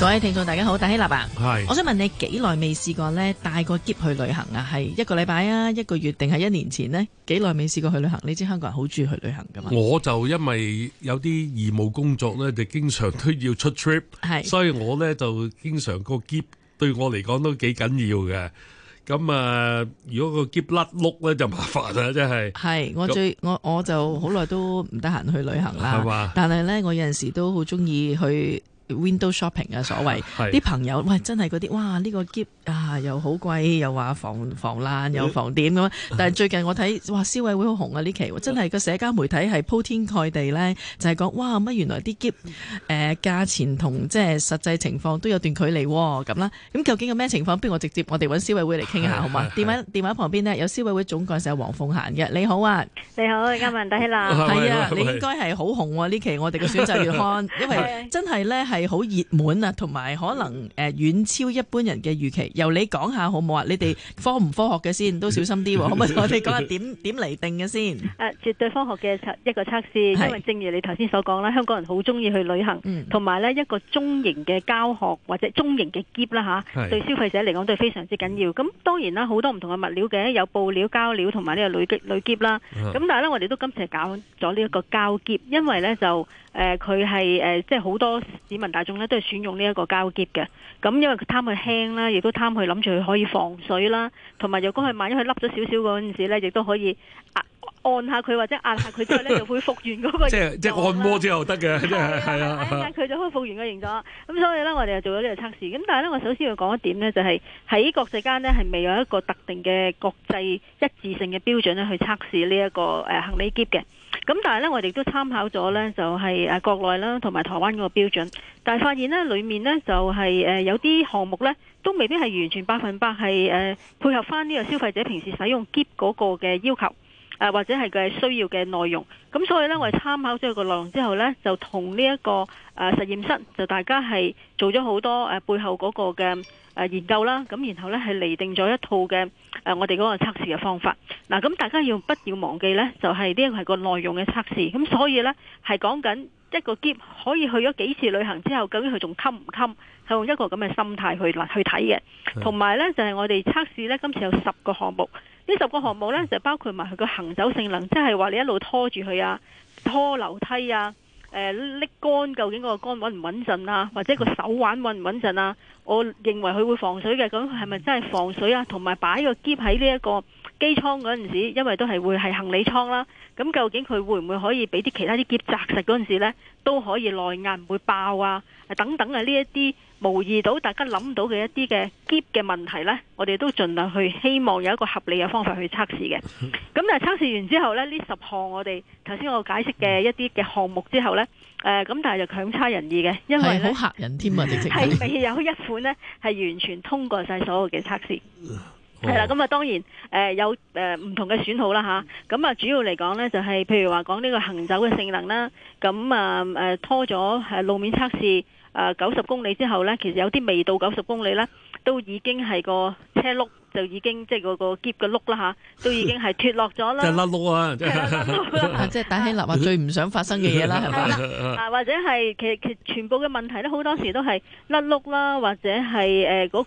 各位聽眾大家好，戴希立啊，係，我想問你幾耐未試過咧帶個箧去旅行啊？係一個禮拜啊，一個月定係一年前咧？幾耐未試過去旅行？你知香港人好中意去旅行噶嘛？我就因為有啲義務工作咧，就經常都要出 trip，係，所以我咧就經常個箧對我嚟講都幾緊要嘅。咁啊，如果個箧甩碌咧就麻煩啊，真係。係我最我我就好耐都唔得閒去旅行啦，係嘛？但係咧，我有陣時都好中意去。Window shopping 啊，所謂啲朋友，喂，真係嗰啲，哇，呢、這個喼啊，又好貴，又話防防爛，又防點咁、嗯。但係最近我睇，哇，消委會好紅啊，呢期真係個社交媒體係鋪天蓋地咧，就係、是、講，哇，乜原來啲喼誒價錢同即係實際情況都有段距離咁、啊、啦。咁究竟有咩情況？不如我直接我哋揾消委會嚟傾下好嘛？電話電話旁邊呢，有消委會總幹事有黃鳳嫺嘅，你好啊，你好，嘉文，得閪係啊，你應該係好紅喎、啊、呢期我哋嘅選擇月刊， 因為真係咧係。 係好熱門啊，同埋可能誒遠超一般人嘅預期。由你講下好冇啊？你哋科唔科學嘅先，都小心啲，可唔可以？我哋講下點點嚟定嘅先。誒，絕對科學嘅測一個測試，因為正如你頭先所講啦，香港人好中意去旅行，同埋咧一個中型嘅膠喼或者中型嘅喼啦嚇，對消費者嚟講都係非常之緊要。咁當然啦，好多唔同嘅物料嘅，有布料、膠料同埋呢個鋁鋁喼啦。咁但係咧，我哋都今次係搞咗呢一個膠喼，因為咧就誒佢係誒即係好多市民。大眾咧都係選用呢一個膠喼嘅，咁因為佢貪佢輕啦，亦都貪佢諗住佢可以防水啦，同埋如果佢萬一佢凹咗少少嗰陣時咧，亦都可以按按下佢或者壓下佢之後咧，就會復原嗰個。即係即係按摩之後得嘅，即係啊。佢 就可以復原個形狀。咁所以咧，我哋又做咗呢個測試。咁但係咧，我首先要講一點咧、就係，就係喺國際間呢，係未有一個特定嘅國際一致性嘅標準咧，去測試呢一個誒行李喼嘅。咁但係咧，我哋亦都參考咗咧，就係誒國內啦，同埋台灣嗰個標準，但係發現呢裡面呢，就係誒有啲項目呢，都未必係完全百分百係誒配合翻呢個消費者平時使用喼嗰個嘅要求。誒或者係佢係需要嘅內容，咁所以呢，我哋參考咗個內容之後呢，就同呢一個誒、呃、實驗室就大家係做咗好多誒、呃、背後嗰個嘅誒、呃、研究啦，咁然後呢，係釐定咗一套嘅誒、呃、我哋嗰個測試嘅方法。嗱、啊，咁大家要不要忘記呢？就係呢一個係個內容嘅測試，咁所以呢，係講緊一個喼可以去咗幾次旅行之後，究竟佢仲襟唔襟？係用一個咁嘅心態去去睇嘅。同埋呢，就係、是、我哋測試呢，今次有十個項目。呢十個項目呢，就包括埋佢個行走性能，即係話你一路拖住佢啊，拖樓梯啊，誒、呃、拎杆，究竟嗰個杆穩唔穩陣啊？或者個手腕穩唔穩陣啊？我認為佢會防水嘅，咁係咪真係防水啊？同埋擺個篋喺呢一個機艙嗰陣時，因為都係會係行李艙啦。咁究竟佢會唔會可以俾啲其他啲篋紮實嗰陣時呢？都可以耐壓唔會爆啊？等等啊呢一啲。模擬到大家諗到嘅一啲嘅棘嘅問題咧，我哋都盡量去希望有一個合理嘅方法去測試嘅。咁啊，測試完之後咧，呢十項我哋頭先我解釋嘅一啲嘅項目之後咧，誒咁，但係就強差人意嘅，因為好嚇人添啊！直情係未有一款咧係完全通過晒所有嘅測試。係啦，咁啊當然誒有誒唔同嘅選好啦嚇。咁啊主要嚟講咧就係譬如話講呢個行走嘅性能啦，咁啊誒拖咗係路面測試。誒九十公里之後咧，其實有啲未到九十公里咧，都已經係個車碌就已經即係嗰個喼嘅碌啦嚇，都已經係脫落咗啦。即係甩碌啊！即係啦！即係打起立話最唔想發生嘅嘢啦，係 嘛？啊，或者係其實其實全部嘅問題咧，好多時都係甩碌啦，或者係誒嗰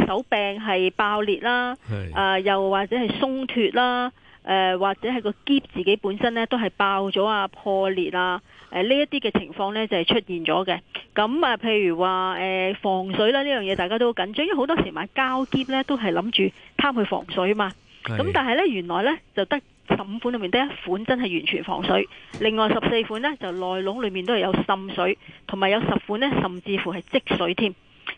個手柄係爆裂啦，啊、呃、又或者係鬆脫啦。誒、呃，或者係個喼自己本身呢都係爆咗啊、破裂啊，誒、呃、呢一啲嘅情況呢就係、是、出現咗嘅。咁、呃、啊，譬如話誒、呃、防水啦，呢樣嘢大家都好緊張，因為好多時候買膠喼呢都係諗住貪去防水啊嘛。咁但係呢，原來呢就得十五款裏面得一款真係完全防水，另外十四款呢就內籠裏面都係有滲水，同埋有十款呢甚至乎係積水添。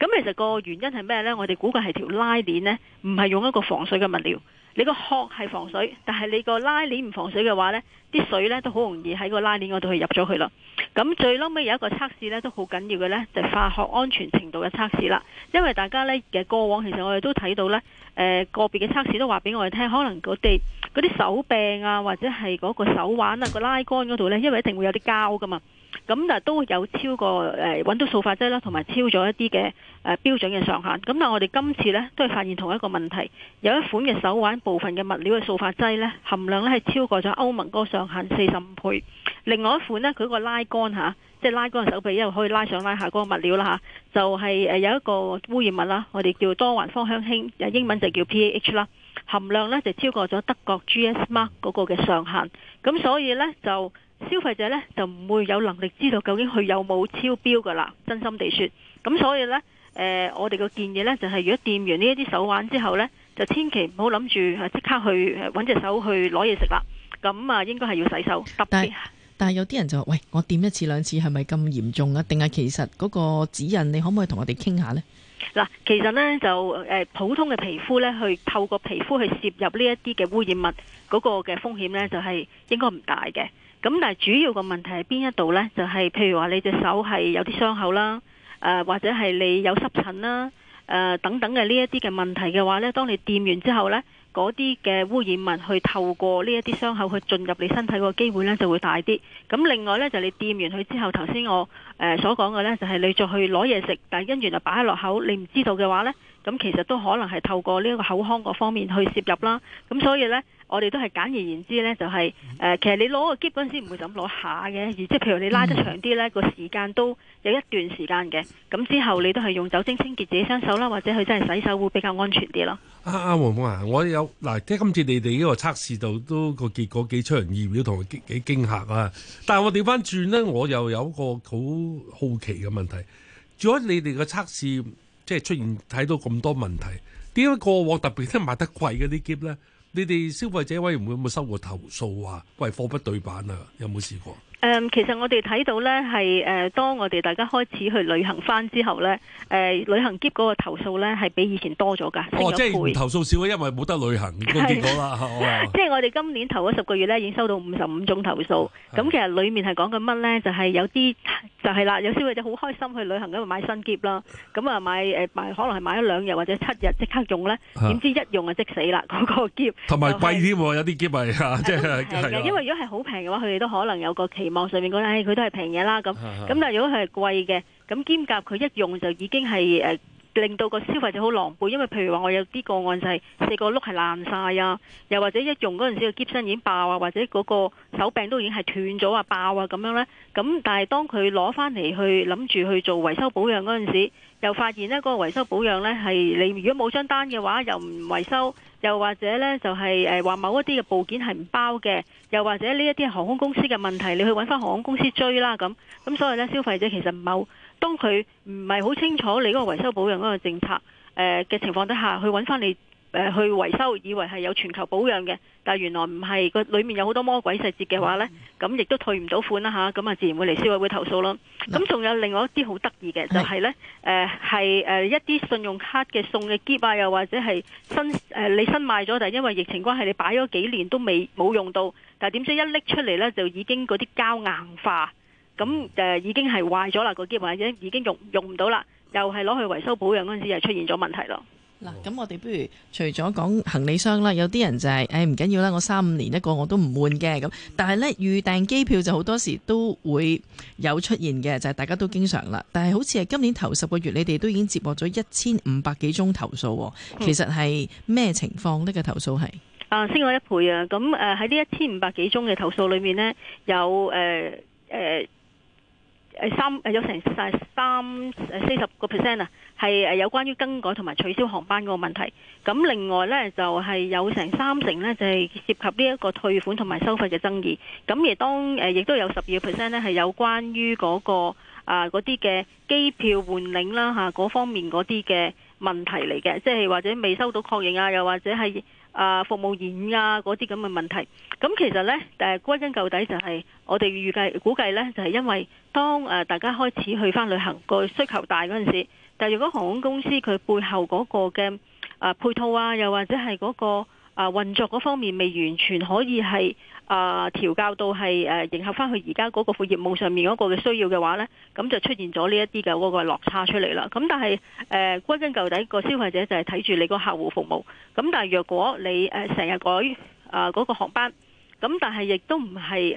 咁其實個原因係咩呢？我哋估計係條拉鏈呢唔係用一個防水嘅物料。你個殼係防水，但係你個拉鏈唔防水嘅話，呢啲水呢都好容易喺個拉鏈嗰度去入咗去啦。咁最嬲尾有一個測試呢都好緊要嘅呢，就係化學安全程度嘅測試啦。因為大家呢嘅過往其實我哋都睇到呢誒、呃、個別嘅測試都話俾我哋聽，可能嗰啲嗰啲手柄啊，或者係嗰個手挽啊，個拉杆嗰度咧，因為一定會有啲膠噶嘛，咁但都有超過誒揾到塑化劑啦，同埋超咗一啲嘅誒標準嘅上限。咁但係我哋今次咧都係發現同一個問題，有一款嘅手挽部分嘅物料嘅塑化劑咧含量咧係超過咗歐盟嗰個上限四十五倍。另外一款咧，佢個拉杆嚇，即係拉杆嘅手臂一路可以拉上拉下嗰個物料啦嚇，就係誒有一個污染物啦，我哋叫多環芳香烴，又英文就叫 PAH 啦。含量呢就超過咗德國 GS Mark 嗰個嘅上限，咁所以呢，就消費者呢就唔會有能力知道究竟佢有冇超標噶啦，真心地説。咁所以呢，誒我哋個建議呢就係，如果掂完呢一啲手環之後呢，就千祈唔好諗住即刻去揾隻手去攞嘢食啦。咁啊，應該係要洗手。特別。但係有啲人就話：「喂，我掂一次兩次係咪咁嚴重啊？定係其實嗰個指引，你可唔可以同我哋傾下呢？」嗱，其實呢，就誒普通嘅皮膚呢，去透過皮膚去攝入呢一啲嘅污染物嗰個嘅風險呢，就係、是、應該唔大嘅。咁但係主要嘅問題係邊一度呢？就係、是、譬如話你隻手係有啲傷口啦，誒、呃、或者係你有濕疹啦，誒、呃、等等嘅呢一啲嘅問題嘅話呢，當你掂完之後呢，嗰啲嘅污染物去透過呢一啲傷口去進入你身體個機會呢就會大啲。咁另外呢，就你掂完佢之後，頭先我誒所講嘅呢，就係你再去攞嘢食，但原來就擺喺落口，你唔知道嘅話呢，咁其實都可能係透過呢一個口腔嗰方面去攝入啦。咁所以呢。我哋都係簡而言之咧，就係、是呃、其實你攞個喼本先唔會咁攞下嘅，而即係譬如你拉得長啲咧，個、嗯、時間都有一段時間嘅。咁之後你都係用酒精清潔自己雙手啦，或者佢真係洗手會比較安全啲咯。啊阿黃鳳啊，我有嗱，即係今次你哋呢個測試度都個結果幾出人意表同幾，幾驚嚇啊！但我調翻轉咧，我又有一個好好奇嘅問題，做咗你哋嘅測試即係出現睇到咁多問題，點解過往特別係賣得貴嗰啲喼咧？你哋消費者委員會有冇收過投訴話，啊？喂，貨不對版啊！有冇試過？誒，其實我哋睇到咧係誒，當我哋大家開始去旅行翻之後咧，誒，旅行篋嗰個投訴咧係比以前多咗噶，成倍。投訴少啊，因為冇得旅行，咁結果啦，係嘛。即係我哋今年頭嗰十個月咧，已經收到五十五宗投訴。咁其實裏面係講緊乜咧？就係有啲就係啦，有少少就好開心去旅行嗰度，買新篋啦。咁啊買誒，買可能係買咗兩日或者七日即刻用咧。點知一用啊即死啦，嗰個篋。同埋貴添，有啲篋咪吓，即係，係啊。因為如果係好平嘅話，佢哋都可能有個企。網上面講，唉、哎，佢都係平嘢啦，咁咁但係如果係貴嘅，咁兼夾佢一用就已經係誒、呃、令到個消費者好狼狽，因為譬如話我有啲個案就係四個碌係爛晒啊，又或者一用嗰陣時個喼身已經爆啊，或者嗰個手柄都已經係斷咗啊，爆啊咁樣呢。咁但係當佢攞翻嚟去諗住去做維修保養嗰陣時，又發現呢嗰個維修保養呢，係你如果冇張單嘅話，又唔維修。又或者呢，就係誒話某一啲嘅部件係唔包嘅，又或者呢，一啲航空公司嘅問題，你去揾翻航空公司追啦咁。咁所以呢，消費者其實唔係好當佢唔係好清楚你嗰個維修保養嗰個政策嘅情況底下，去揾翻你。誒，去維修，以為係有全球保養嘅，但係原來唔係，個裏面有好多魔鬼細節嘅話呢，咁亦都退唔到款啦吓，咁啊那自然會嚟消委會投訴咯。咁仲有另外一啲好得意嘅就係呢，誒係誒一啲信用卡嘅送嘅喼啊，又或者係新、呃、你新買咗，但係因為疫情關係你擺咗幾年都未冇用到，但係點知一拎出嚟，呢就已經嗰啲膠硬化，咁誒已經係壞咗啦，個喼或者已經用用唔到啦，又係攞去維修保養嗰陣時候又出現咗問題咯。嗱，咁我哋不如除咗講行李箱啦，有啲人就係、唉係，誒唔緊要啦，我三五年一個我都唔換嘅咁。但係呢預訂機票就好多時都會有出現嘅，就係、是、大家都經常啦。但係好似係今年頭十個月，你哋都已經接獲咗一千五百幾宗投訴，其實係咩情況咧？個投訴係啊，升咗一倍啊！咁誒喺呢一千五百幾宗嘅投訴裏面呢，有誒誒三有成三四十個 percent 啊。係誒有關於更改同埋取消航班個問題，咁另外呢，就係、是、有成三成呢，就係、是、涉及呢一個退款同埋收費嘅爭議，咁而當誒亦都有十二個 percent 呢，係有關於嗰、那個啊嗰啲嘅機票換領啦吓嗰方面嗰啲嘅問題嚟嘅，即係或者未收到確認啊，又或者係啊服務延誤啊嗰啲咁嘅問題。咁其實呢，誒歸根究底就係我哋預計估計呢，就係、是、因為當誒大家開始去返旅行個需求大嗰陣時候。但係如果航空公司佢背後嗰個嘅啊配套啊，又或者係嗰個運作嗰方面未完全可以係啊調校到係誒、啊、迎合翻去而家嗰個副業務上面嗰個嘅需要嘅話咧，咁就出現咗呢一啲嘅嗰個落差出嚟啦。咁但係誒、啊，歸根究底個消費者就係睇住你個客戶服務，咁但係若果你誒成日改啊、嗰個航班，咁但係亦都唔係誒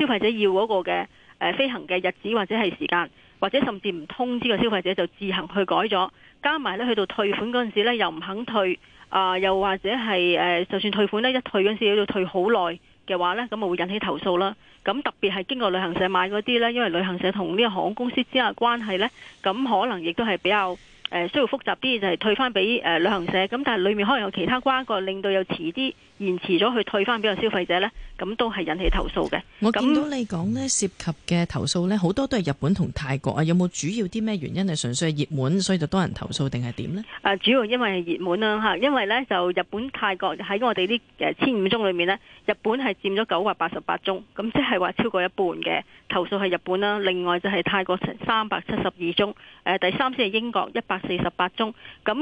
消費者要嗰個嘅。誒飛行嘅日子或者係時間，或者甚至唔通知個消費者就自行去改咗，加埋呢去到退款嗰陣時呢又唔肯退，啊、呃、又或者係、呃、就算退款呢，一退嗰陣時要退好耐嘅話呢，咁啊會引起投訴啦。咁特別係經過旅行社買嗰啲呢，因為旅行社同呢個航空公司之間嘅關係呢，咁可能亦都係比較、呃、需要複雜啲，就係、是、退翻俾、呃、旅行社，咁但係裏面可能有其他關過，令到又遲啲。延遲咗去退翻俾個消費者呢，咁都係引起投訴嘅。我見到你講呢涉及嘅投訴呢，好多都係日本同泰國啊。有冇主要啲咩原因？係純粹係熱門，所以就多人投訴定係點呢？主要因為係熱門啦嚇，因為呢，就日本泰國喺我哋啲千五宗裏面呢，日本係佔咗九百八十八宗，咁即係話超過一半嘅投訴係日本啦。另外就係泰國三百七十二宗，第三先係英國一百四十八宗。咁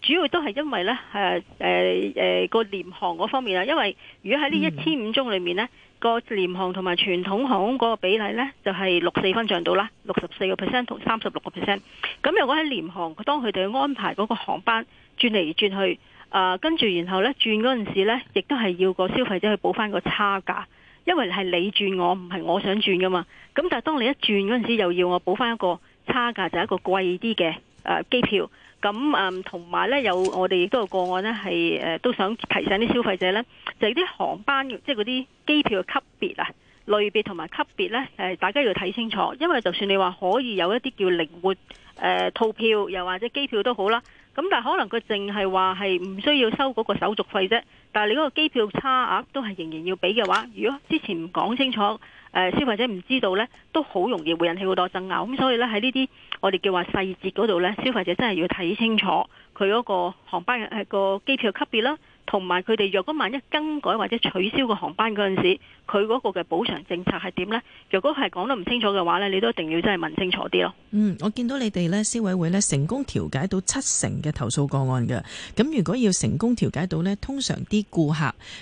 主要都係因為呢誒誒誒個廉航嗰方。因為如果喺呢一千五宗裏面呢，個廉航同埋傳統航空嗰個比例呢，就係、是、六四分賬到啦，六十四個 percent 同三十六個 percent。咁如果喺廉航，當佢哋安排嗰個航班轉嚟轉去，跟、呃、住然後呢轉嗰陣時咧，亦都係要個消費者去補返個差價，因為係你轉我，唔係我想轉噶嘛。咁但係當你一轉嗰陣時，又要我補返一個差價，就係、一個貴啲嘅誒機票。咁誒，同埋咧有我哋亦都有個案呢，係都想提醒啲消費者呢，就啲、係、航班即係嗰啲機票嘅級別啊、類別同埋級別呢，大家要睇清楚。因為就算你話可以有一啲叫靈活誒套、呃、票，又或者機票都好啦，咁但係可能佢淨係話係唔需要收嗰個手續費啫，但係你嗰個機票差額都係仍然要俾嘅話，如果之前唔講清楚，誒、呃、消費者唔知道呢，都好容易會引起好多爭拗。咁所以呢，喺呢啲。我哋嘅話細節嗰度呢，消費者真係要睇清楚佢嗰個航班嘅個機票級別啦。同埋佢哋，若果萬一更改或者取消個航班嗰陣時，佢嗰個嘅補償政策係點呢？若果係講得唔清楚嘅話呢，你都一定要真係問清楚啲咯。嗯，我見到你哋呢消委會呢成功調解到七成嘅投訴個案㗎。咁如果要成功調解到呢，通常啲顧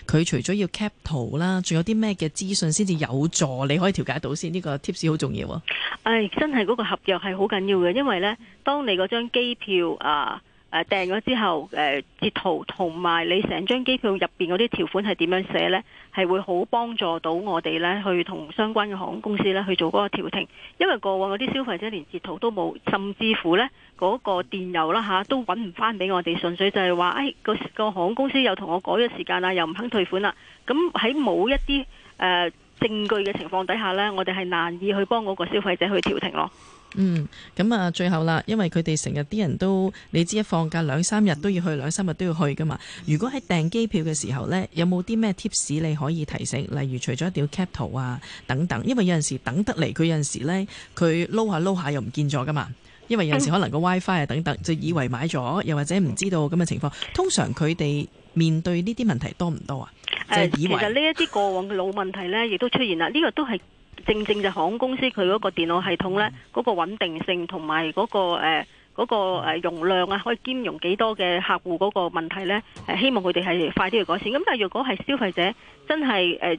客佢除咗要 cap 圖啦，仲有啲咩嘅資訊先至有助你可以調解到先？呢個 tips 好重要啊！哎，真係嗰個合約係好緊要嘅，因為呢當你嗰張機票啊～誒訂咗之後，誒截圖同埋你成張機票入面嗰啲條款係點樣寫呢？係會好幫助到我哋呢去同相關嘅航空公司呢去做嗰個調停。因為過往嗰啲消費者連截圖都冇，甚至乎呢嗰個電郵啦吓都揾唔返俾我哋，純粹就係話，誒、哎個航空公司又同我改咗時間啦又唔肯退款啦。咁喺冇一啲誒證據嘅情況底下呢，我哋係難以去幫嗰個消費者去調停咯。嗯，咁啊，最後啦，因為佢哋成日啲人都，你知一放假兩三日都要去，兩三日都要去噶嘛。如果喺訂機票嘅時候呢，有冇啲咩 tips 你可以提醒？例如除咗一定要 cap 圖啊等等，因為有陣時等得嚟，佢有陣時呢佢撈下撈下又唔見咗噶嘛。因為有陣時可能個 WiFi 啊等等，就以為買咗，又或者唔知道咁嘅情況。通常佢哋面對呢啲問題多唔多啊？其實呢一啲過往嘅老問題呢，亦都出現啦。呢個都係。正正就航空公司佢嗰個電腦系統咧，嗰、嗰個穩定性同埋嗰個誒嗰、呃嗰個誒容量啊，可以兼容幾多嘅客戶嗰個問題咧，係、呃、希望佢哋係快啲去改善。咁但係若果係消費者真係誒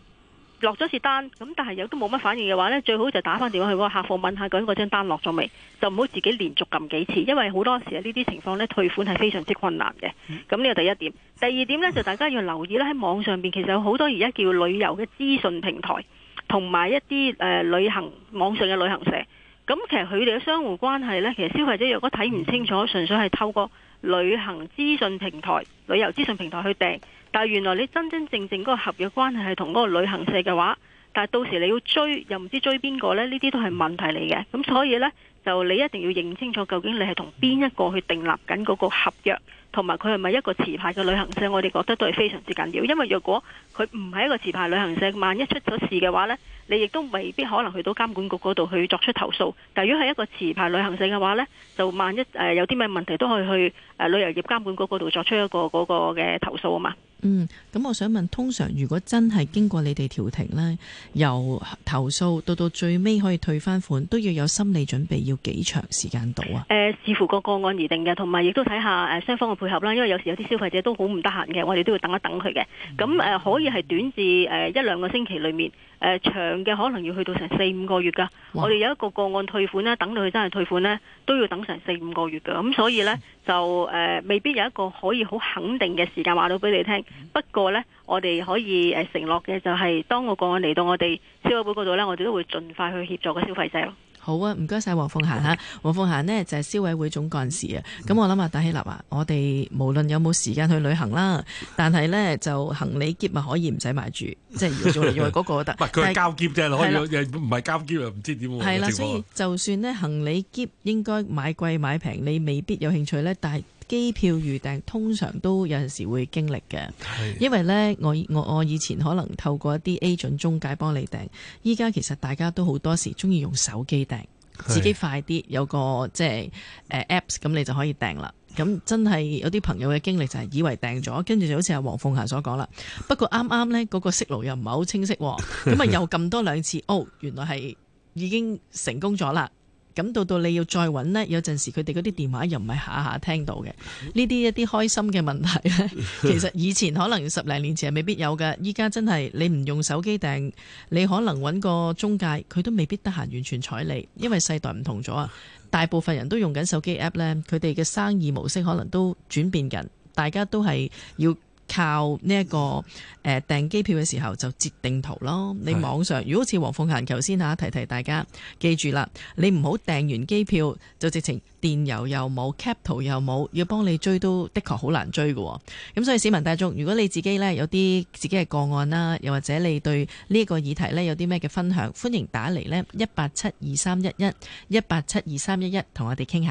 落咗次單，咁但係有都冇乜反應嘅話咧，最好就打翻電話去個客服問一下究竟嗰個張單落咗未，就唔好自己連續撳幾次，因為好多時這些呢啲情況咧，退款係非常之困難嘅。咁呢個第一點，第二點咧就大家要留意啦，喺網上邊其實有好多而家叫旅遊嘅資訊平台。同埋一啲誒、呃、旅行網上嘅旅行社，咁其實佢哋嘅相互關係呢，其實消費者若果睇唔清楚，純粹係透過旅行資訊平台，旅遊資訊平台去訂，但係原來你真真正正嗰個合約關係係同嗰個旅行社嘅話。但係到時你要追又唔知追邊個呢？呢啲都係問題嚟嘅。咁所以呢，就你一定要認清楚究竟你係同邊一個去訂立緊嗰個合約，同埋佢係咪一個持牌嘅旅行社？我哋覺得都係非常之緊要。因為若果佢唔係一個持牌旅行社，萬一出咗事嘅話呢，你亦都未必可能去到監管局嗰度去作出投訴。但如果係一個持牌旅行社嘅話呢，就萬一誒有啲咩問題都可以去旅遊業監管局嗰度作出一個嗰個嘅投訴啊嘛。嗯，咁我想問，通常如果真係經過你哋調停呢，由投訴到到最尾可以退返款，都要有心理準備，要幾長時間到啊？誒、呃，視乎個個案而定嘅，同埋亦都睇下誒雙、呃、方嘅配合啦。因為有時有啲消費者都好唔得閒嘅，我哋都要等一等佢嘅。咁、嗯、誒、呃、可以係短至誒、呃、一兩個星期裏面，誒、呃、長嘅可能要去到成四五個月噶。我哋有一個個案退款啦，等到佢真係退款呢，都要等成四五個月噶。咁、嗯、所以呢，就誒、呃、未必有一個可以好肯定嘅時間話到俾你聽。不過呢，我哋可以誒承諾嘅就係，當我個，個案嚟到我哋消委會嗰度呢，我哋都會盡快去協助個消費者咯。好啊，唔該晒黃鳳嫻吓，黃鳳嫻呢就係、是、消委會總幹事啊。咁、嗯、我諗啊，戴希立，啊，我哋無論有冇時間去旅行啦、嗯，但係呢，就行李喼咪可以唔使買住，即係要果如果嗰個得，唔係佢膠喼啫，可以，唔係交喼又唔知點係啦。所以就算呢，行李喼應該買貴買平，你未必有興趣呢。但係。機票預訂通常都有時會經歷嘅。因為呢，我我我以前可能透過一啲 agent 中介幫你訂，依家其實大家都好多時中意用手機訂，自己快啲有個即係、呃、apps，咁你就可以訂啦。咁真係有啲朋友嘅經歷就係以為訂咗，跟住就好似係黃鳳霞所講啦。不過啱啱呢，嗰個識路又唔係好清晰，咁啊又咁多兩次， 哦，原來係已經成功咗啦。咁到到你要再揾呢，有陣時佢哋嗰啲電話又唔係下下聽到嘅。呢啲一啲開心嘅問題呢，其實以前可能十零年前係未必有嘅，依家真係你唔用手機訂，你可能揾個中介，佢都未必得閒完全睬你，因為世代唔同咗啊，大部分人都用緊手機 app 咧，佢哋嘅生意模式可能都轉變緊，大家都係要。靠呢、這、一個誒訂、呃、票嘅時候就截定圖咯，你網上是如果似黃鳳嫻求先吓提提大家記住啦，你唔好訂完機票就直情電郵又冇 c a p t 又冇，要幫你追都的確好難追嘅。咁、嗯、所以市民大眾如果你自己咧有啲自己嘅個案啦，又或者你對呢個議題咧有啲咩嘅分享，歡迎打嚟咧一八七二三一一一八七二三一一同我哋傾下。